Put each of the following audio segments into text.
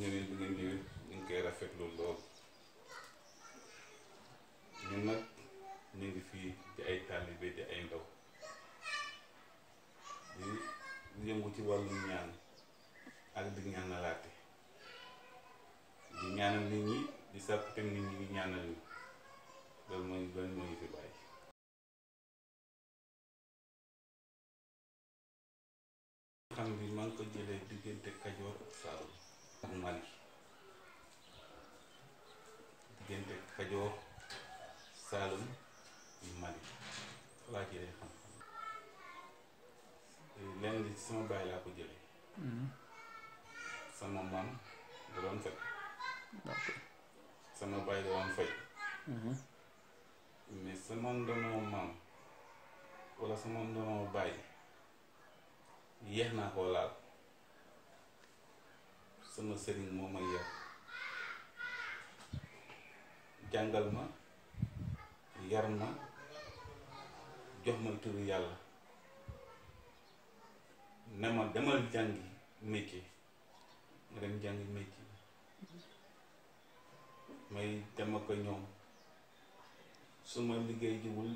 ñëwee ñu ngi koy rafetlu lool ñun nag ñu ngi fii di ay taalibe di ay ndaw di yëngu ci wàllu ñaan ak di ñaanalaate di ñaanal nit ñi di sàkku te nit ñi ñaanal ñu loolu mooy loolu mooy fi bàyyi. Kajoor Saalum Mali laa jëlee xam eh, lenn li sama bàyyi laa ko jëlee mm-hmm. sama maam da doon faj sama bàyyi da doon faj mm-hmm. mais sama ndonoo maam wala sama ndonoo bàyyi yéex naa koo laal sama sëriñ moo ma yar jàngal ma yar ma jox ma turu yàlla ne ma demal jàngi métier nga dem jàngi métier may dem ak ñoom su ma liggéey jiwul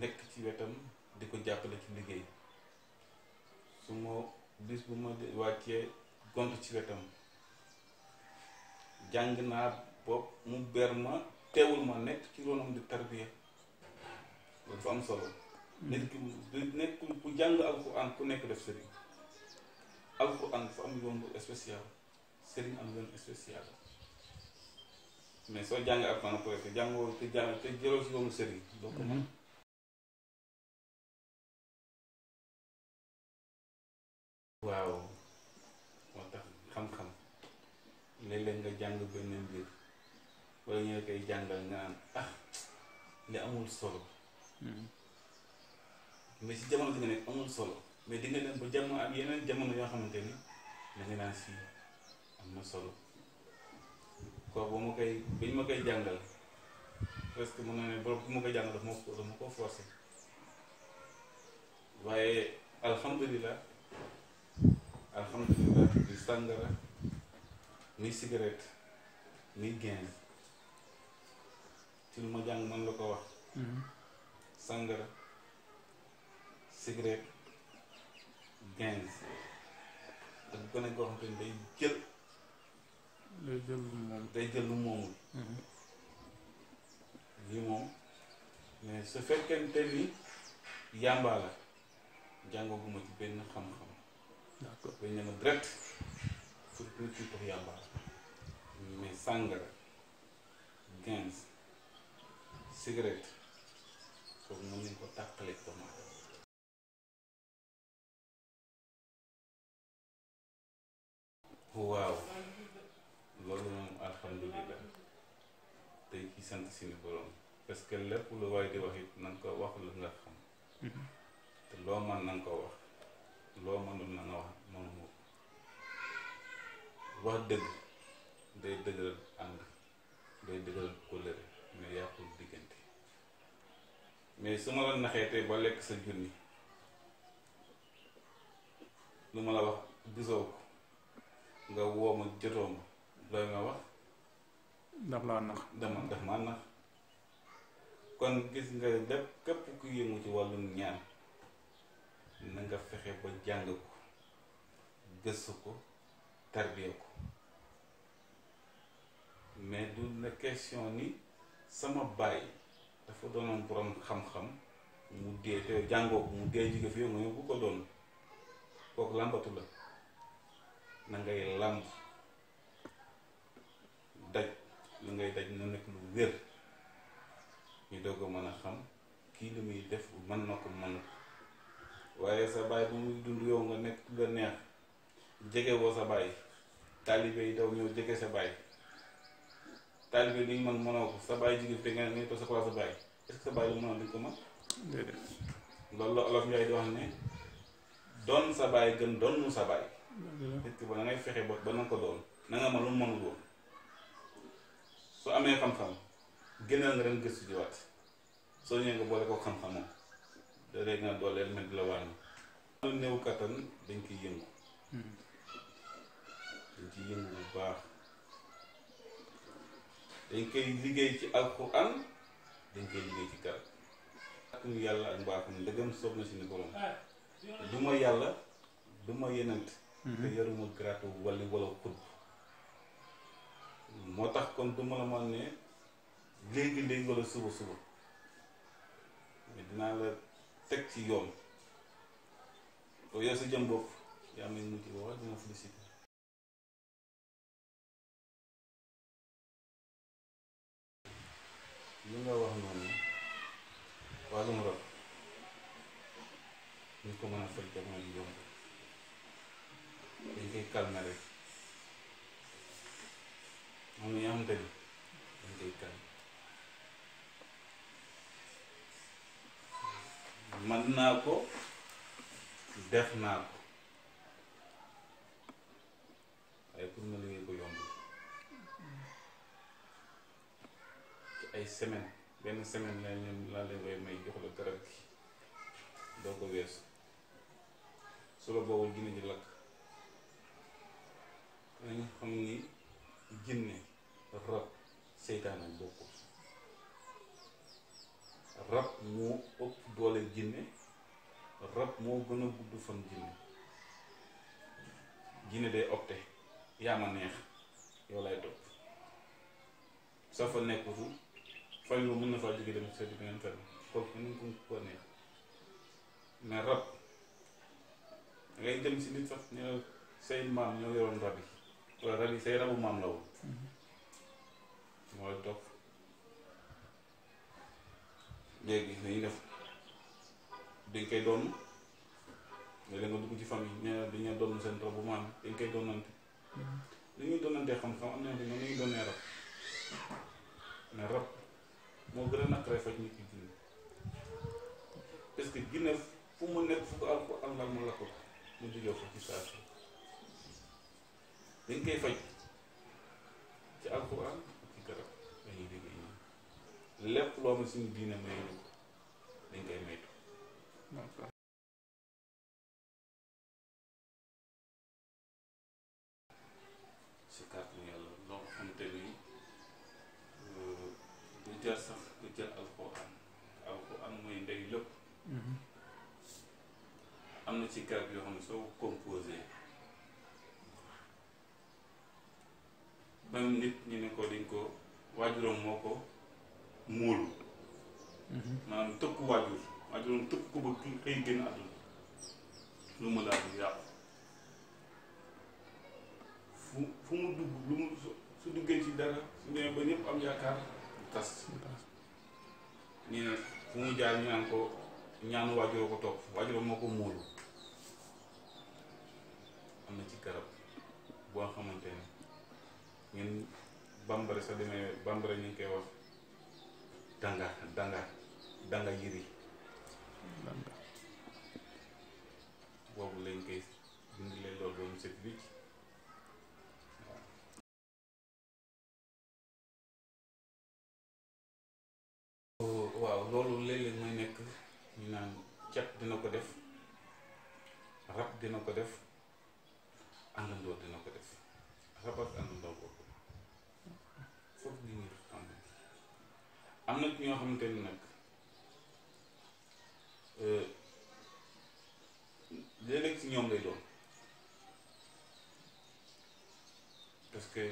nekk ci wetam di ko jàppale ci liggéey su ma bis bu ma wàccee gont ci wetam jàng naa bopp mu ber ma teewul ma nekk ci ronam di tarbiya loolu fa am solo nit ki nekk ku jàng alquran ku nekk def sëriñ alquran fa am yoon bu spécial sëriñ am yoon spécial mais soo jàngee alquran après te jàngoo te jàng te jëloo si yoonu sëriñ doo ko mën waaw moo tax xam-xam léeg-léeg nga jàng benn mbir wala ñu koy jàngal nga naan ah li amul solo. Hmm. mais si jamono bi nga nekk amul solo mais di nga dem ba jamono yeneen jamono yoo xamante ni da nga naan fii am na solo kooku ba ma koy bi ñu ma koy jàngal presque mun na ne borom bu ma koy jàngal daf ma ko daf waaye alhamdulilah alhamdulilah di sàngara ni cigarette ni gain. ci lu ma jàng man la ko wax mhm. sàngara cigarette gains ak gone koo xam ne day jël day jël lu moom day mhm. moom mais su fekkente ni yàmbaa la jàngaguma ci benn xam-xam d'accord dañ ne ma direct surtout ci pour mais sàngara gains cigarette kooku mën nañ ko tàqaleeg doomu aadama waaw loolu moom alhamdulilah tey ci sant suñu borom parce que lépp lu waaye di wax ko wax lu nga xam te loo mën na ko wax loo mënul na nga wax mënuma wax dëgg day dëgëral ànd day dëgëral kóllëre mais su ma la naxee tey ba lekk sa junni lu ma la wax gisoo ko nga woo ma jotoo ma wax. daf laa nax dama daf maa nax kon gis nga lépp képp ku yëngu ci wàllum ñaan na nga fexe ba jàng ko gëstu ko tarbiya ko mais du na question ni sama bàyyi. dafa doonoon borom xam-xam mu dee te jàngoo ko mu dee jóge fi yow nga ñëw ko doon kooku làmbatu la na ngay làmb daj li ngay daj na nekk lu wér ñu doog a mën a xam kii li muy def mën na ko mën waaye sa baay bu muy dund yow nga nekk la neex jege woo sa baay taalibe yi daw ñëw jege sa baay taalibe bi li ñu mën mënoo ko sa bàyyi jigéen fii nga ne ko sa place sa bàyyi sa bàyyi lu mënoon di ko mën loolu la olof Njaay di wax ne doon sa bàyyi gën doon mu sa bàyyi nit ki fexe ba ba na nga mën lu xam-xam génnal nga dem nga boole ko di la wàññi lu néew kattan dañ ciy yëngu hmm. dañ ciy yëngu bu baax dañ koy liggéey ci alquran dañ koy liggéey ci garab ak ñu yàlla ak mbaaxam ndëgam soob na si ni borom ma yàlla du ma yenant mhm. te yoruma garaatu wali wala xud moo tax kon du ma la man ne léegi léegi wala suba suba mais dinaa la teg ci yoon yow sa jëm bopp yaa may mujj wax duma félicité li nga wax noonu wàllum rab ñu ko mën a faj mooy yomb dañ koy calme rek man naa ko def naa ko. ay semaine benn semaine la leen laa leen koy may jox la garab gi doo ko weesu su la boobul jinne ji lakk nañu xam ni jinne rab seytaane bokkul rab moo ëpp doole jinne rab moo gën a gudd fan jinne jinne day opte yaa ma neex yow lay topp soo fa nekkutu faj boobu mën na faa jógee dem seeti beneen faj kooku nu mu dem si nit sax ñoo say maam ñoo yoroon rab yi wala rab yi say rabu maam la woon mooy toog léegi dañuy def dañ koy doon léeg-léeg nga dugg ci famille ñaareel dañuy doon seen rabu maam mm-hmm. xam-xam am na ñoo xam ne ñoo ngi rab mais rab. moo gën a naqaree faj nit ki jinne parce que jinne fu mu nekk fu ko alxuraan la mu la ko mu jógee fa ci saa si dañ koy faj ci alxuraan ak ci garab dañuy jógee ñoom lépp loo ma suñu diine mayu ko dañ koy maytu si jar sax ku jël alxuraan alxuraan mooy ndey lépp mhm. am na ci garab yoo xam ne soo composé même nit ñu ne ko dañ ko waajuram moo ko muur mhm. maanaam tëkk waajur waajuram tëkk ko ba xëy génn àdduna lu mu laal bu yàqu fu fu mu dugg lu mu su duggee ci dara su demee ba ñëpp am yaakaar tas nii nag fu mu jaar ñu naan ko ñaanu waajuroo ko topp waajuroo moo ko móolu am na ci garab boo xamante ne ñun bambara sa demee bambara ñu ngi koy wax danga danga danga yiri boobu lañ koy dindi leen loolu ba set wicc cet dina ko def rab dina ko def àndandoo dina ko def rab ak àndandoo boobu foofu nit ñi am am na ñoo xamante ni nag euh, léeg-léeg ci ñoom lay doon parce que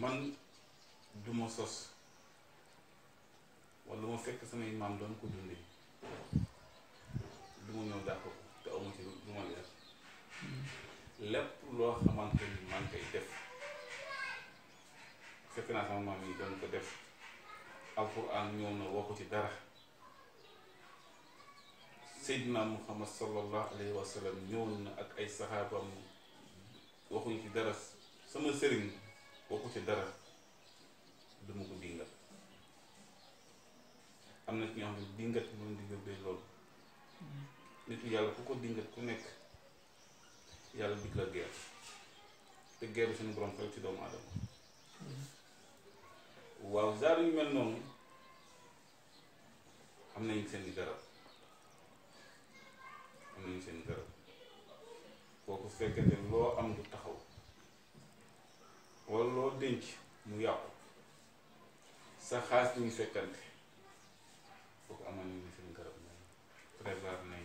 man duma sos wala ma fekk samay maam doon ko dundee alquran ñëw na waxu ci dara seydina muhammad sallallahu alayhi wa sallam ñëw na ak ay saxaabam waxuñ ci dara sama sëriñ waxu ci dara duma ko dingal am na ñu ñoo xam ne dingat moom di yóbbee loolu nitu yàlla ku ko dingat ku nekk yàlla dig la geer te geeru suñu borom xel ci doomu aadama mm-hmm. waaw genre yu mel noonu am nañ seen garab am nañ seen garab kooku fekkente loo am du taxaw walla loo denc mu yàqu sa xaas ñu fekkante kooku amoon nañ seen garab moom prévoir na